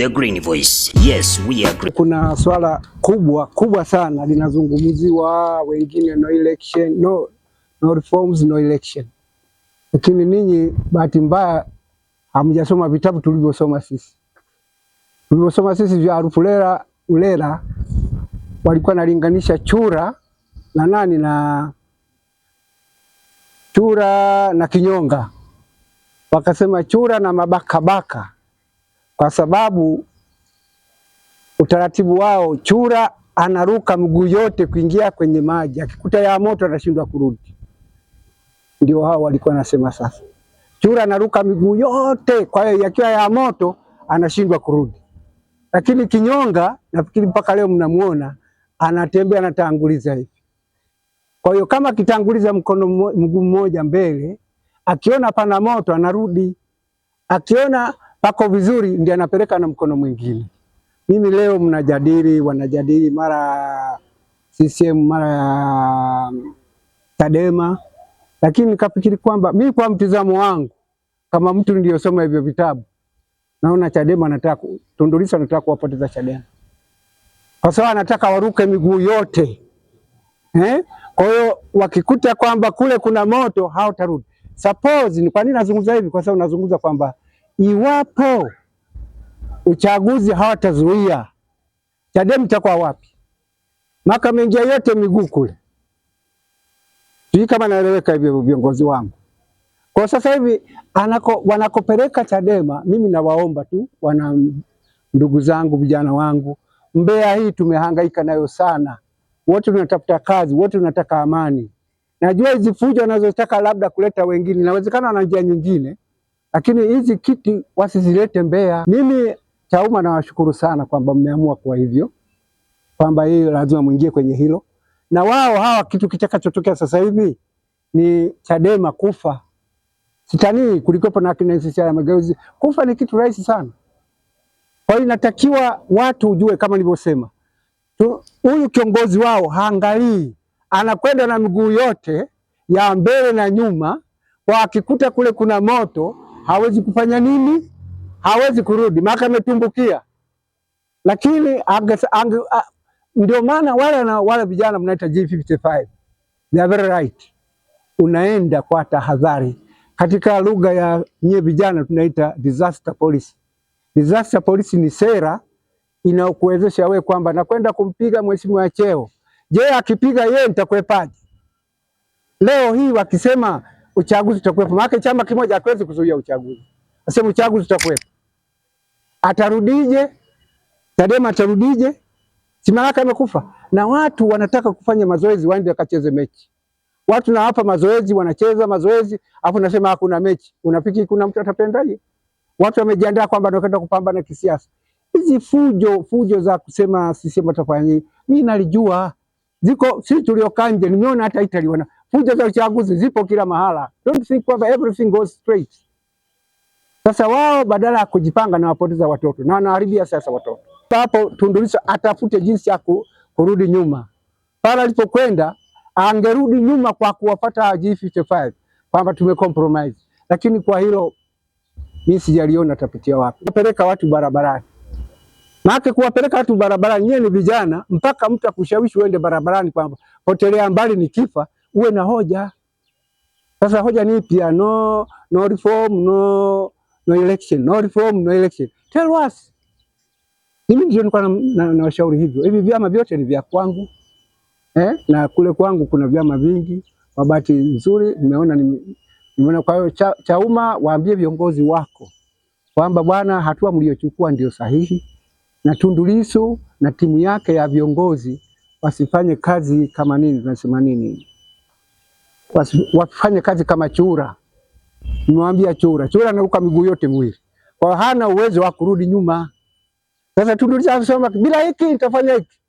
The Green Voice. Yes, we agree. Kuna swala kubwa kubwa sana linazungumziwa, wengine no election, no, no reforms, no election, lakini ninyi bahati mbaya hamjasoma vitabu tulivyosoma sisi. Tulivyosoma sisi vya Arufu Lela Ulela walikuwa nalinganisha chura na nani na chura na kinyonga, wakasema chura na mabakabaka kwa sababu utaratibu wao, chura anaruka mguu yote kuingia kwenye maji, akikuta ya moto anashindwa kurudi. Ndio hao walikuwa nasema sasa, chura anaruka miguu yote, kwa hiyo yakiwa ya moto anashindwa kurudi. Lakini kinyonga, nafikiri mpaka leo mnamuona anatembea anatanguliza hivi. Kwa hiyo kama akitanguliza mkono mguu mmoja mbele, akiona pana moto anarudi, akiona pako vizuri, ndio anapeleka na mkono mwingine. Mimi leo mnajadili, wanajadili mara CCM mara Tadema, lakini nikafikiri kwamba mi kwa mtizamo wangu kama mtu niliyosoma hivyo vitabu naona Chadema anataka Tundu Lissu anataka kuwapoteza Chadema kwa sababu anataka waruke miguu yote eh? Kwa hiyo wakikuta kwamba kule kuna moto, tarudi. Suppose ni kwa nini nazungumza hivi? Kwa sababu nazungumza kwamba Iwapo uchaguzi hawatazuia, Chadema itakuwa wapi? Maka ameingia yote miguu kule, sijui kama naeleweka hivyo, viongozi wangu. Kwa sasa hivi anako, wanakopeleka Chadema, mimi nawaomba tu wana ndugu zangu, vijana wangu, Mbeya hii tumehangaika nayo sana, wote tunatafuta kazi, wote tunataka amani. Najua hizi fujo wanazotaka labda kuleta wengine, inawezekana wana njia nyingine lakini hizi kiti wasizilete Mbeya. Mimi Chauma nawashukuru sana kwamba mmeamua kuwa hivyo kwamba hii lazima mwingie kwenye hilo, na wao hawa kitu kitakachotokea sasa hivi ni Chadema kufa sitani kulikopo na kina ya mageuzi kufa ni kitu rahisi sana. Kwa hiyo inatakiwa watu ujue, kama nilivyosema, huyu kiongozi wao haangalii, anakwenda na miguu yote ya mbele na nyuma. Wakikuta kule kuna moto hawezi kufanya nini, hawezi kurudi maka ametumbukia. Lakini ndio maana wale na wale vijana mnaita G55, they are very right. Unaenda kwa tahadhari, katika lugha ya nyie vijana tunaita disaster policy. Disaster policy ni sera inayokuwezesha wewe kwamba nakwenda kumpiga mheshimiwa cheo, je, akipiga yeye nitakwepaje? Leo hii wakisema uchaguzi utakuwepo, maana chama kimoja hakiwezi kuzuia uchaguzi. nasema uchaguzi utakuwepo, atarudije? Chadema atarudije? si Malaka amekufa na watu wanataka kufanya mazoezi, waende wakacheze mechi. Watu nawapa mazoezi, wanacheza mazoezi, afu nasema hakuna mechi. Unafiki kuna mtu atapendaje? Watu wamejiandaa kwamba wanakwenda kupambana kisiasa. Hizi fujo fujo za kusema sisi nini, mimi nalijua ziko, sisi tuliokaa nje nimeona hata italiona fujo za uchaguzi zipo kila mahala. Don't think kwamba everything goes straight. Sasa wao badala ya kujipanga na wapoteza watoto na wanaharibia sasa watoto. Papo Tundu Lissu atafute jinsi ya kurudi nyuma. Pale alipokwenda angerudi nyuma kwa kuwapata G55 kwamba tumecompromise. Lakini kwa hilo mimi sijaliona atapitia wapi. Kupeleka watu barabarani. Maana kuwapeleka watu barabarani, nyie ni vijana mpaka mtu akushawishi uende barabarani kwamba potelea mbali ni kifa uwe na hoja. Sasa hoja ni ipi? no, no reform, no, no election, no reform, no election. Tell us. Mimi ndio nilikuwa na washauri hivyo. Hivi vyama vyote ni vya kwangu eh? Na kule kwangu kuna vyama vingi. Kwa bahati nzuri nimeona nimeona, kwa hiyo cha, Chauma waambie viongozi wako kwamba bwana, hatua mliochukua ndio sahihi, na Tundu Lissu na timu yake ya viongozi wasifanye kazi kama nini tunasema nini wafanye kazi kama chura. Nimwambia chura, chura anaruka miguu yote miwili, kwa hana uwezo wa kurudi nyuma. Sasa tudulisha soma bila hiki nitafanya hiki